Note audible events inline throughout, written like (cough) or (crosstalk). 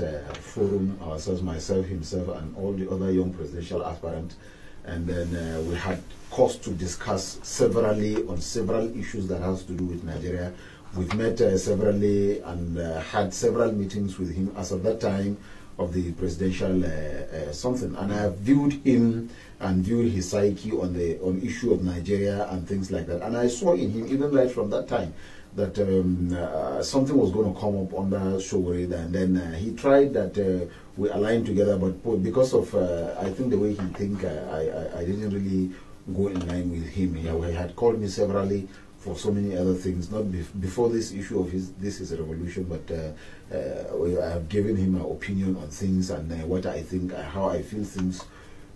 uh, Forum, ourselves, myself, himself, and all the other young presidential aspirants. And then uh, we had cause to discuss severally on several issues that has to do with Nigeria. We've met uh, severally and uh, had several meetings with him as of that time of the presidential uh, uh, something. And I have viewed him and viewed his psyche on the on issue of Nigeria and things like that. And I saw in him, even right from that time, that um, uh, something was going to come up under Shogorid, and then uh, he tried that uh, we aligned together, but because of uh, I think the way he think, I, I, I didn't really go in line with him. He, he had called me severally for so many other things. Not bef before this issue of his this is a revolution, but uh, uh, I have given him my opinion on things and uh, what I think, uh, how I feel things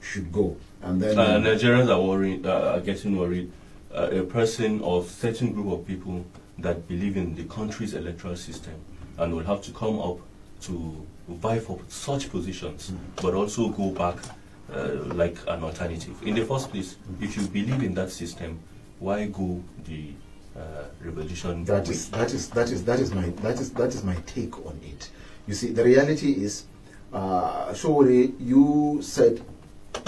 should go. And then uh, Nigerians are worried, uh, are getting worried. a person of certain group of people that believe in the country's electoral system and will have to come up to vie for such positions, mm -hmm. but also go back like an alternative. In the first place, if you believe in that system, why go the uh, revolution? That is, that is that is that is my that is that is my take on it. You see, the reality is, uh, you said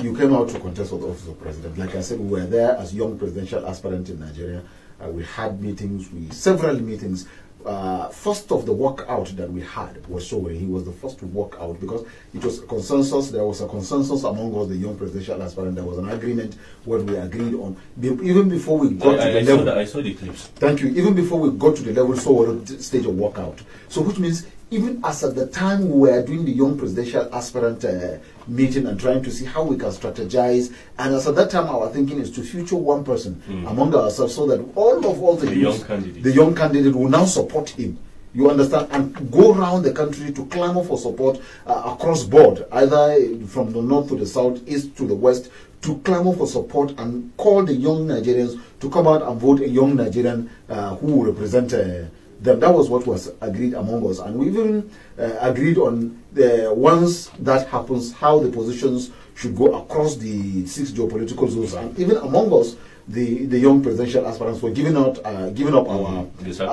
you came out to contest for the office of president. Like I said, we were there as young presidential aspirant in Nigeria. Uh, we had meetings, we several meetings uh, first of the walkout that we had was Sowore. He was the first to walk out because it was consensus. There was a consensus among us, the young presidential aspirant. There was an agreement what we agreed on. Be even before we got I, to I, the level, the, I saw the clips. Thank you. Even before we got to the level Sowore stage of walkout. So which means even as at the time we were doing the young presidential aspirant uh, meeting and trying to see how we can strategize, and as at that time our thinking is to future one person mm. among ourselves so that all of all the, the youth, young candidates the young candidate will now support him. You understand, and go around the country to clamor for support uh, across board, either from the north to the south, east to the west, to clamor for support and call the young Nigerians to come out and vote a young Nigerian uh, who will represent. Uh, them. That was what was agreed among us. And we even uh, agreed on the once that happens, how the positions should go across the six geopolitical zones. And even among us, the, the young presidential aspirants were giving out uh, giving up our mm-hmm. uh,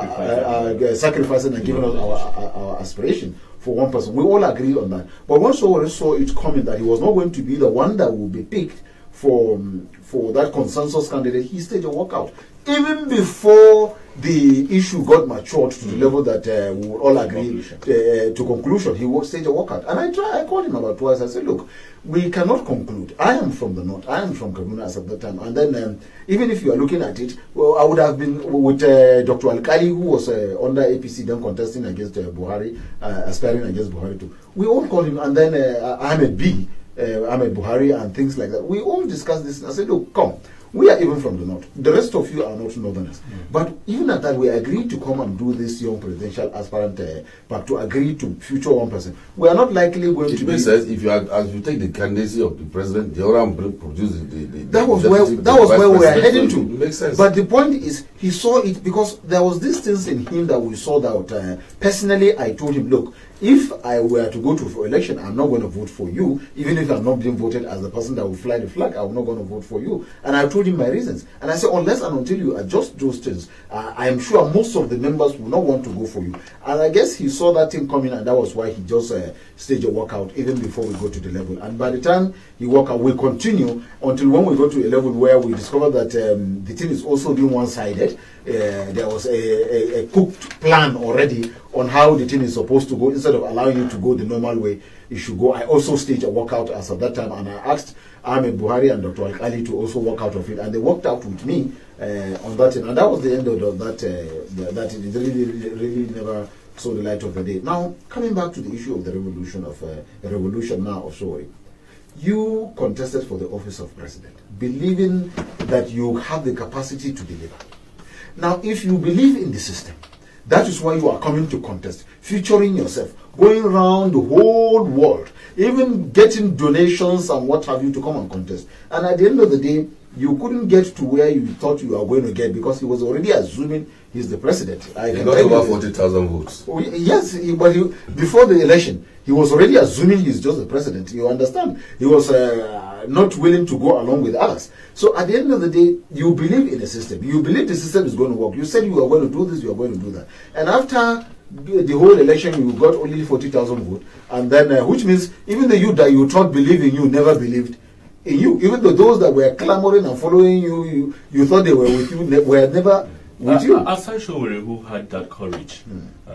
uh, uh, sacrificing and giving up our, our, aspiration for one person. We all agreed on that. But once already saw it coming that he was not going to be the one that would be picked for um, for that consensus candidate, he staged a walkout even before the issue got matured to the mm. level that uh, we would all agree uh, uh, to conclusion, he was staged a walkout. And I try. I called him about twice. I said, look, we cannot conclude. I am from the north. I am from Kaduna at that time. And then um, even if you are looking at it, well, I would have been with uh, Dr. Al-Kali, who was uh, under APC, then contesting against uh, Buhari, aspiring against Buhari too. We all called him. And then Ahmed B, Ahmed Buhari and things like that. We all discussed this. I said, look, come we are even from the north. The rest of you are not northerners. Mm. But even at that, we agreed to come and do this young presidential aspirant, uh, but to agree to future one person. We are not likely going it to. It makes sense if you are, as you take the candidacy of the president, the one produces the, the, the, That was where that was where we are heading to. Makes sense. But the point is, he saw it because there was this thing in him that we saw that uh, personally. I told him, look, if I were to go to for election, I'm not going to vote for you. Even if I'm not being voted as the person that will fly the flag, I'm not going to vote for you. And I told him my reasons. And I said, unless and until you adjust those things, uh, I am sure most of the members will not want to go for you. And I guess he saw that thing coming, and that was why he just uh, staged a walkout even before we go to the level. And by the time he walk out, we continue until when we go to a level where we discover that um, the thing is also being one-sided uh, there was a, a, a, cooked plan already on how the thing is supposed to go. Instead of allowing you to go the normal way, you should go. I also staged a walkout as at that time, and I asked Ahmed Buhari and Dr. Ali to also walk out of it, and they walked out with me uh, on that thing. And that was the end of that. Uh, that it really, really never saw the light of the day. Now, coming back to the issue of the revolution of uh, revolution now of Sorry. You contested for the office of president, believing that you have the capacity to deliver. Now, if you believe in the system, that is why you are coming to contest, featuring yourself, going around the whole world, even getting donations and what have you to come and contest. And at the end of the day, you couldn't get to where you thought you were going to get because he was already assuming he's the president. I he got over 40,000 votes. Oh, yes, he, but he, before the election, he was already assuming he's just the president. You understand? He was uh, not willing to go along with others. So at the end of the day, you believe in a system. You believe the system is going to work. You said you are going to do this, you are going to do that. And after the whole election, you got only 40,000 votes. And then, uh, which means even the youth that you thought believed in you never believed you, even though those that were clamoring and following you, you, you thought they were with you, ne were never with uh, you. As Asai Showere, who had that courage mm. uh,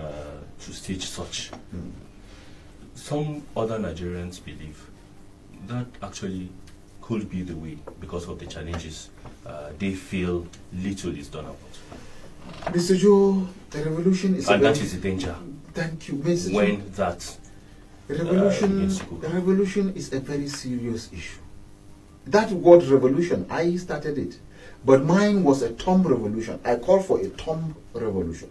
to stage such, mm. some other Nigerians believe that actually could be the way because of the challenges uh, they feel little is done about. Mr. Joe, the revolution is. And that is the danger. Thank you, Mr. When that. Uh, revolution, uh, the revolution is a very serious issue that word revolution, I started it. But mine was a tomb revolution. I call for a tomb revolution.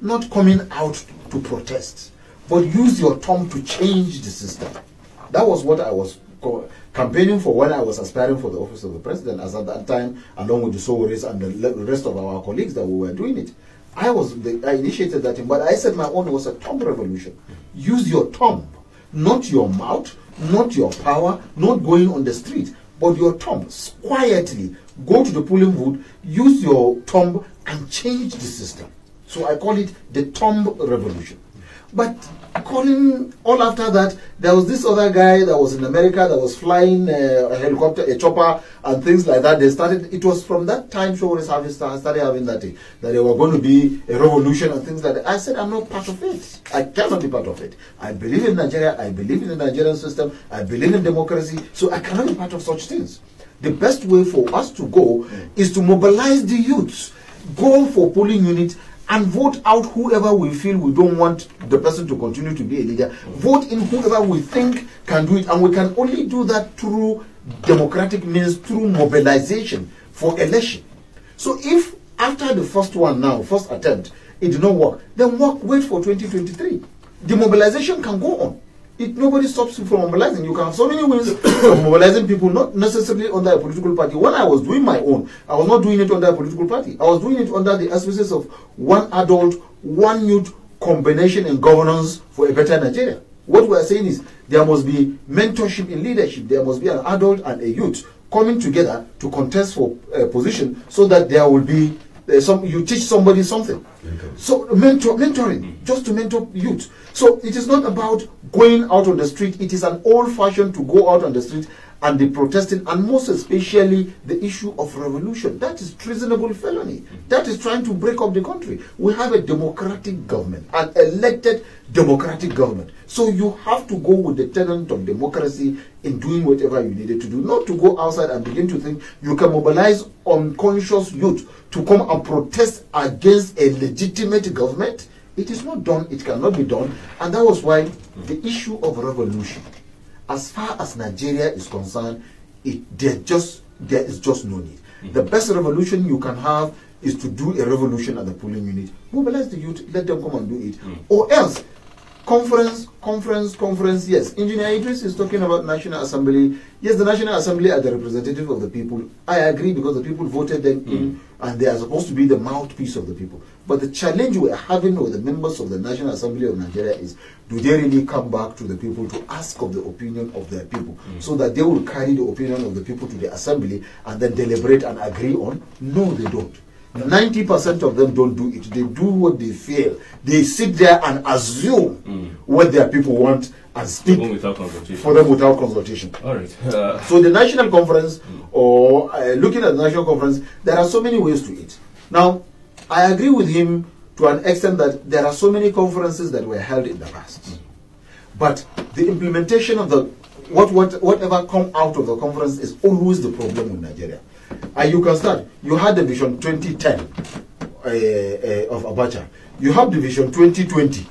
Not coming out to protest, but use your tomb to change the system. That was what I was campaigning for when I was aspiring for the office of the president, as at that time, along with the Sowaris and the rest of our colleagues that we were doing it. I was the, I initiated that thing, but I said my own was a tomb revolution. Use your tomb, not your mouth, not your power, not going on the street, but your thumb quietly go to the pulling wood, use your thumb and change the system. So I call it the thumb revolution. But calling all after that, there was this other guy that was in America that was flying a, uh, a helicopter, a chopper, and things like that. They started. It was from that time Showal's having started having that day, eh, that they were going to be a revolution and things like that. I said, I'm not part of it. I cannot be part of it. I believe in Nigeria. I believe in the Nigerian system. I believe in democracy. So I cannot be part of such things. The best way for us to go mm. is to mobilize the youths. Go for polling units and vote out whoever we feel we don't want the person to continue to be a leader. Vote in whoever we think can do it. And we can only do that through democratic means, through mobilization for election. So if after the first one now, first attempt, it did not work, then work, wait for 2023. The mobilization can go on it, nobody stops you from mobilizing. You can have so many ways (coughs) of mobilizing people, not necessarily under a political party. When I was doing my own, I was not doing it under a political party. I was doing it under the auspices of one adult, one youth combination in governance for a better Nigeria. What we are saying is there must be mentorship in leadership. There must be an adult and a youth coming together to contest for a uh, position so that there will be uh, some, you teach somebody something. Mentoring. So mentor, mentoring, just to mentor youth. So it is not about going out on the street. It is an old fashion to go out on the street and the protesting, and most especially the issue of revolution. That is treasonable felony. That is trying to break up the country. We have a democratic government, an elected democratic government. So you have to go with the tenant of democracy in doing whatever you needed to do, not to go outside and begin to think you can mobilize unconscious youth to come and protest against a legitimate government. It is not done, it cannot be done, and that was why the issue of revolution as far as Nigeria is concerned, it there just there is just no need. Mm -hmm. The best revolution you can have is to do a revolution at the polling unit. Mobilize the youth, let them come and do it. Mm -hmm. Or else Conference, conference, conference, yes. Engineer Idris is talking about National Assembly. Yes, the National Assembly are the representative of the people. I agree because the people voted them mm. in hmm. and they are supposed to be the mouthpiece of the people. But the challenge we are having with the members of the National Assembly of Nigeria is do they really come back to the people to ask of the opinion of their people mm. so that they will carry the opinion of the people to the Assembly and then deliberate and agree on? No, they don't. 90% of them don't do it. They do what they feel. They sit there and assume mm. what their people want and speak for them without consultation. All right. Uh, (laughs) so the national conference, mm. or uh, looking at the national conference, there are so many ways to it. Now, I agree with him to an extent that there are so many conferences that were held in the past. Mm. But the implementation of the what, what whatever come out of the conference is always the problem with Nigeria. And you can start. You had the vision 2010 uh, uh, of Abacha. You have the vision 2020.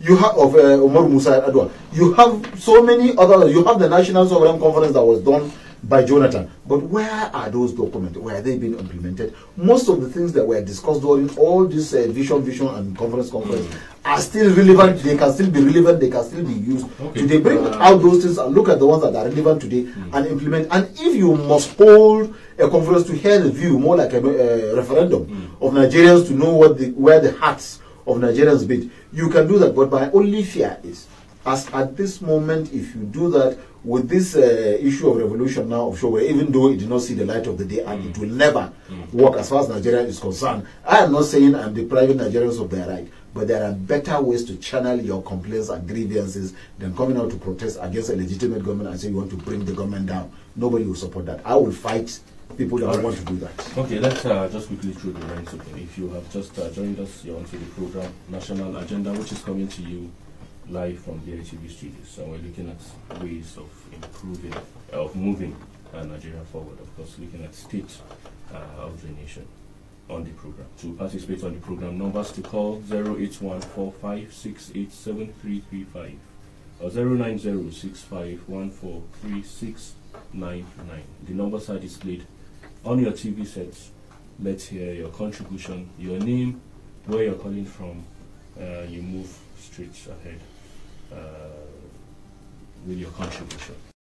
You have of uh, Omar Musa Adwa. You have so many other. You have the National Sovereign Conference that was done by Jonathan. But where are those documents? Where are they being implemented? Most of the things that were discussed during all this uh, vision, vision, and conference, conference are still relevant. They can still be relevant. They can still be used okay. today. Bring uh, out those things and look at the ones that are relevant today mm. and implement. And if you must hold a conference to hear the view, more like a, a uh, referendum mm. of Nigerians to know what the, where the hearts of Nigerians beat, you can do that. But my only fear is, as at this moment, if you do that with this uh, issue of revolution now of Showe, even though it did not see the light of the day and mm. it hmm. will never mm. work as far as Nigeria is concerned, I am not saying I'm depriving Nigerians of their right. But there are better ways to channel your complaints and grievances than coming out to protest against a legitimate government and say you want to bring the government down. Nobody will support that. I will fight people that right. want to do that. Okay, let's uh, just quickly through the lines. Okay, if you have just uh, joined us, you're onto the program National Agenda, which is coming to you live from the ITV studios. And we're looking at ways of improving, of moving uh, Nigeria forward, of course, looking at state uh, of the nation on the program. To participate on the program, numbers to call 0814568735 or 0906514369. The numbers are displayed on your TV sets. Let's hear your contribution, your name, where you're calling from. Uh, you move straight ahead uh, with your contribution.